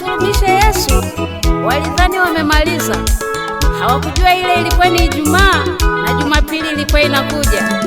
kumsulubisha Yesu walidhani wamemaliza, hawakujua ile ilikuwa ni Ijumaa na Jumapili ilikuwa inakuja.